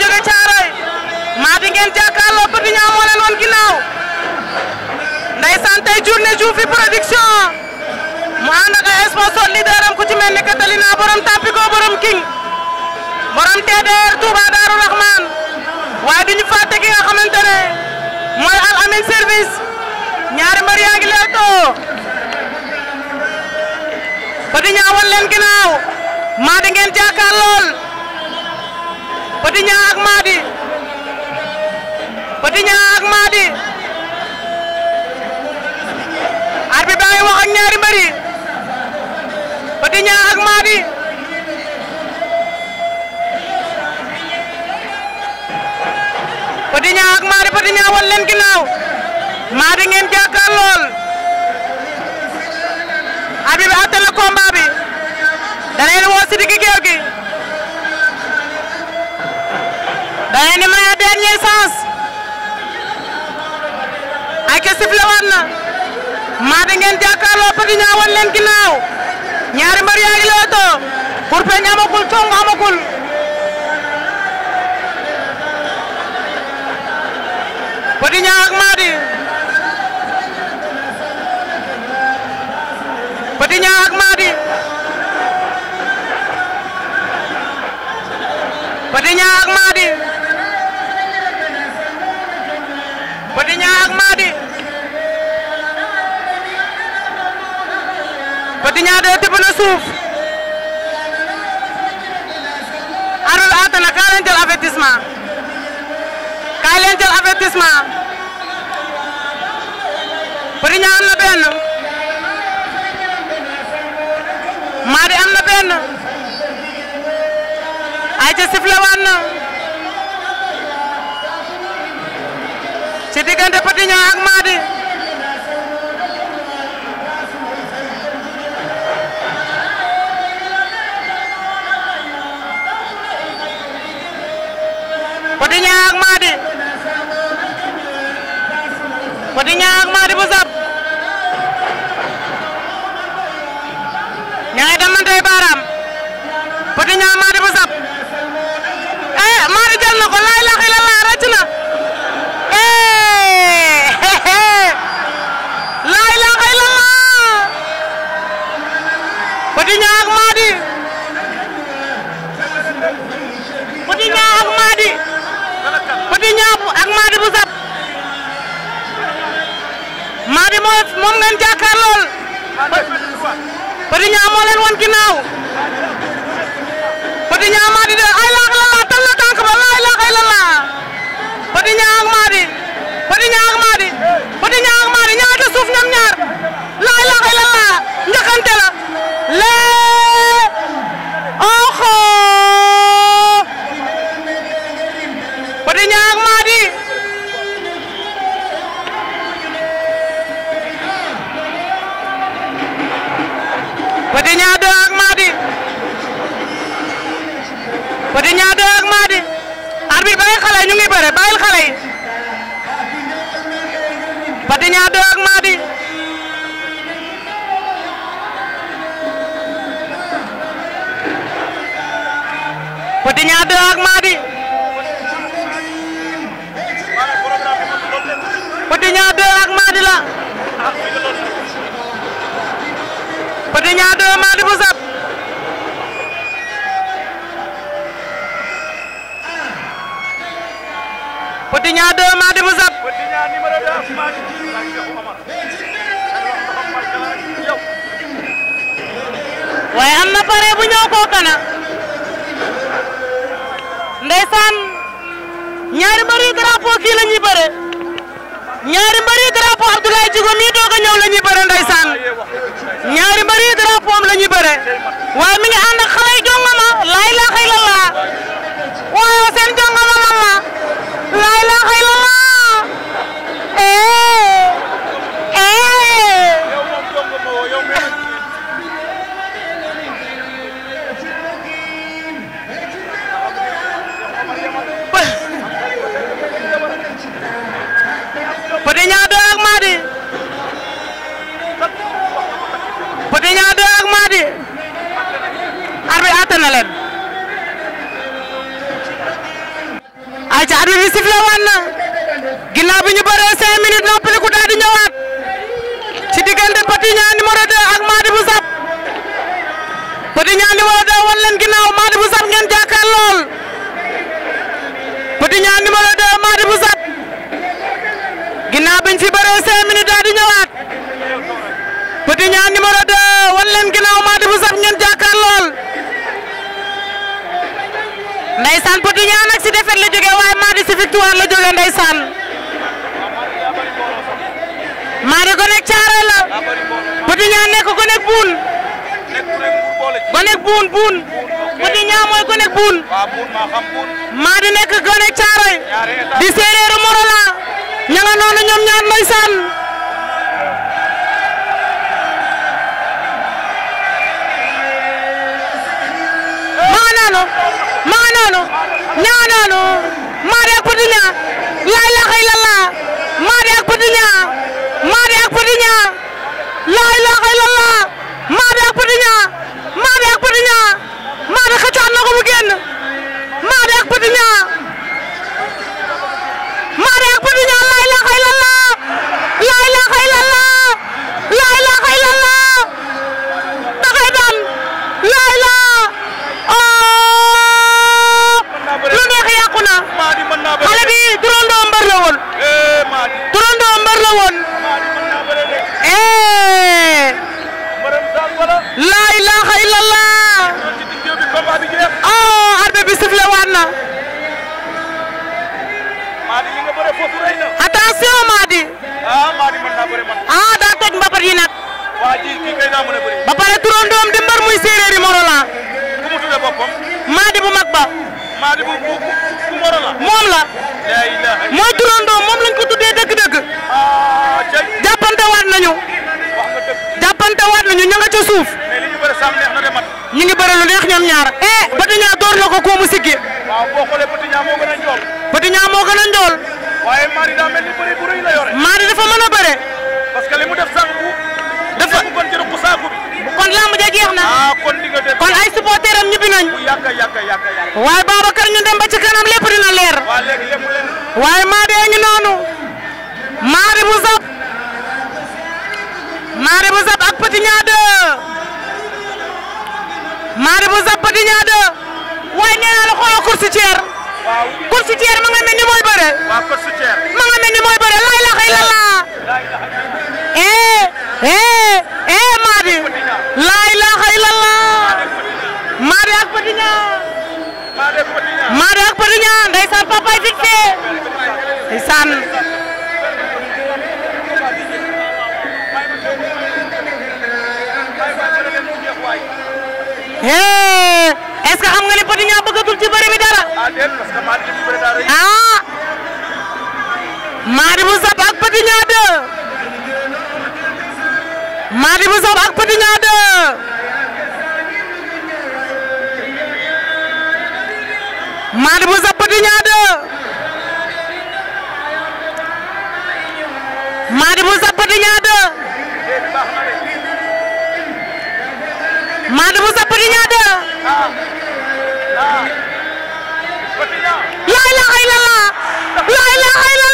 jóge caaray maa di ngeen jàkkaarloo bët bi ñaa moo leen woon ginnaaw ndeysaan tey journée Dioufy production mu ànd ak ay sponsor leader am ku ci mel ni Catalina borom Tampico borom King borom TDR Touba Darou Rahman waaye duñu fàtte ki nga xamante ne mooy Al Amin service ñaari mbër yaa ngi leertoo bët bi ñaa woon leen ginnaaw maa di ngeen jàkkaarlool Petit Niang ak Mady Petit Niang ak Mady arbitre bi ngay wax ak ñaari mbër yi Petit ak Mady Petit Niang ak Mady Petit ngeen jàkkaar lool arbitre bi àtte na combat bi woo si digg géew gi waaye ni may dernier sens ay ke sifle na maa da ngeen jàkkaarloo Petit wan leen ginnaaw ñaari mbër yaa ngi lewto kurpeñ amagul cong amagul Petit ak ma na arul aate kalian kaa leen jël avertissement kaa leen jël avertissement Briña am na anu. benn anu. Aja am anu. Jadi benn ayca sifle waan Mari. Petit Niang ak Mady Petit Niang ak jàkkaar lool Petit Niang moo leen wan ginnaaw Petit de ay laax la laa tal na tànk ba laax ay la laa Petit Niang ak Mady Petit Petit Niang 2 ak Mady Petit Niang 2 ak Mady arbitre bàyyi xale ñu ngi bëre bàyyil xale yi Petit ak Mady Petit Niang 2 ak Mady Petit Niang 2 ak Mady la 2 Mady bu Zap Petit Niang 2 Mady bu Zap waaye am pare bu ñëw koo kana ndeysaan ñaari mbër yu drapeau kii la ñuy bëre ñaari mbër yu drapeau Abdoulaye Djigo doog a ñëw la ñuy bëre ndeysaan la ñuy bëree waaye mi ngi ànd ak xale yi jongoma laay la arbitre bi sifflé waat na ginnaaw bi ñu bëree cinq minutes noppaliku daal di ñëwaat ci diggante Petit Niang numéro 2 ak Mady Bou Sap Petit Niang numéro 2 wan leen ginnaaw Mady Bou Sap ngeen jàkk ndeysaan Petit ñaan nag si défaite la way ma di ci victoire la ndaysan ma di ko nek caare la Petit ñaan nek ko nek bun ko bun bun, buun Petit Niang mooy ko bun ma di nek ko nek caare di séeréeru Morola ña nga noonu ñoom ñaar ndeysaan no. ñaanoonu maade ak Petit Niang laa ilaaha illallah maade ak Petit Niang maade ak Petit Niang laa ilaaha illallah Sio Madi? ah Mady mën ah daa toj mbapat yi nag. waa ji kii kay daa mën a bëri. ba pare turandoom di mbar ku bu mag ba. Mady bu bu bu Morolan. moom la. mooy turandoom ah eh, ngi lu neex ñaar. eh Batiña door na ko koo mu siggi. waaw Mari dafa mën a bëre. que li def sànq. dafa li mu kon jëru ko saaku jeex na. Ah, kon ay supporter ñibbi nañ. bu yàgg yàgg ñu dem ba ci kanam lépp dina leer. waaye Mari a ngi noonu. Mari bu zap. Mari bu zap ak Petit Niade. Mari bu zap Petit Niade. waaye nee naa la xoolal course tiers. waaw nga mel ni bëre. waaw kër mooy bëre laa ilaaha illallaah. eh, eh, eh maa di. laa ilaaha illallaah. maa di ak Petit Niang. maa di ak Petit Niang ndeysaan papa yi fixé. ndeysaan. Eh, est-ce que xam nga ni Petit Niang bëggatul ci bëre bi dara. Ah, Petit Niang 2 Mady bu Sob ak Petit Niang 2 Mady bu Sob Petit Niang 2 Mady bu Sob Petit Niang 2 Mady bu Sob Petit Niang 2 laa ilaaha illallaah laa ilaaha illallaah